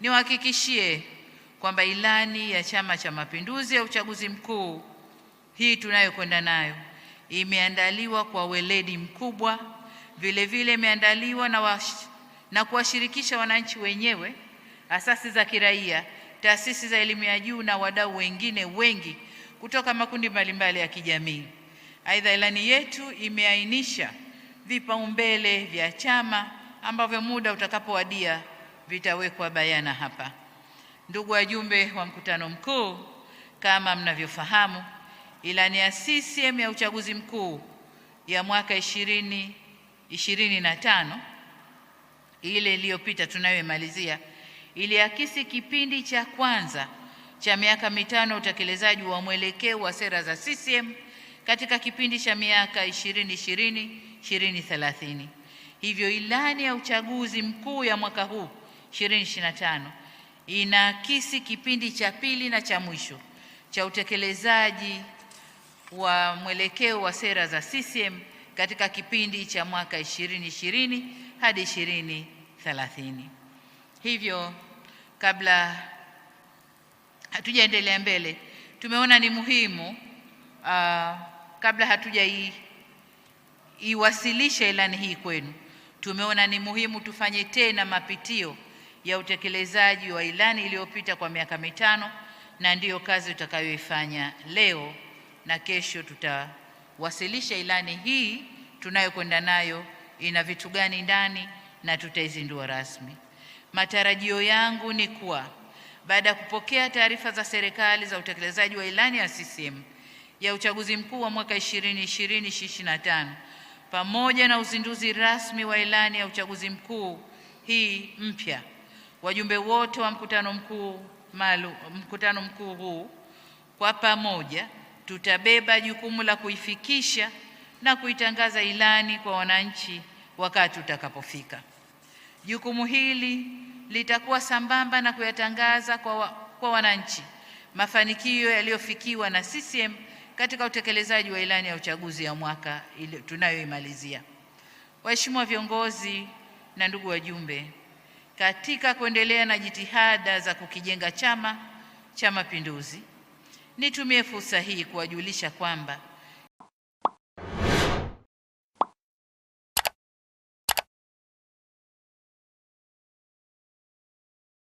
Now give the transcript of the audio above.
Niwahakikishie kwamba ilani ya Chama cha Mapinduzi ya uchaguzi mkuu hii tunayokwenda nayo imeandaliwa kwa weledi mkubwa, vile vile imeandaliwa na, na kuwashirikisha wananchi wenyewe, asasi za kiraia, taasisi za elimu ya juu na wadau wengine wengi kutoka makundi mbalimbali ya kijamii. Aidha, ilani yetu imeainisha vipaumbele vya chama ambavyo muda utakapowadia vitawekwa bayana hapa. Ndugu wajumbe wa mkutano mkuu, kama mnavyofahamu, ilani ya CCM ya uchaguzi mkuu ya mwaka ishirini ile iliyopita tunayoimalizia iliakisi kipindi cha kwanza cha miaka mitano utekelezaji wa mwelekeo wa sera za CCM katika kipindi cha miaka 2020 2030. Hivyo ilani ya uchaguzi mkuu ya mwaka huu 2025 inaakisi kipindi cha pili na cha mwisho cha utekelezaji wa mwelekeo wa sera za CCM katika kipindi cha mwaka 2020 hadi 2030. Hivyo, kabla hatujaendelea mbele, tumeona ni muhimu uh, kabla hatujaiwasilisha ilani hii kwenu, tumeona ni muhimu tufanye tena mapitio ya utekelezaji wa ilani iliyopita kwa miaka mitano, na ndiyo kazi utakayoifanya leo na kesho. Tutawasilisha ilani hii tunayokwenda nayo ina vitu gani ndani na tutaizindua rasmi. Matarajio yangu ni kuwa baada ya kupokea taarifa za serikali za utekelezaji wa ilani ya CCM ya uchaguzi mkuu wa mwaka 2020-2025 pamoja na uzinduzi rasmi wa ilani ya uchaguzi mkuu hii mpya wajumbe wote wa mkutano mkuu malu, mkutano mkuu huu kwa pamoja tutabeba jukumu la kuifikisha na kuitangaza ilani kwa wananchi wakati utakapofika. Jukumu hili litakuwa sambamba na kuyatangaza kwa, wa, kwa wananchi mafanikio yaliyofikiwa na CCM katika utekelezaji wa ilani ya uchaguzi ya mwaka tunayoimalizia. Waheshimiwa viongozi na ndugu wajumbe katika kuendelea na jitihada za kukijenga Chama cha Mapinduzi. Nitumie fursa hii kuwajulisha kwamba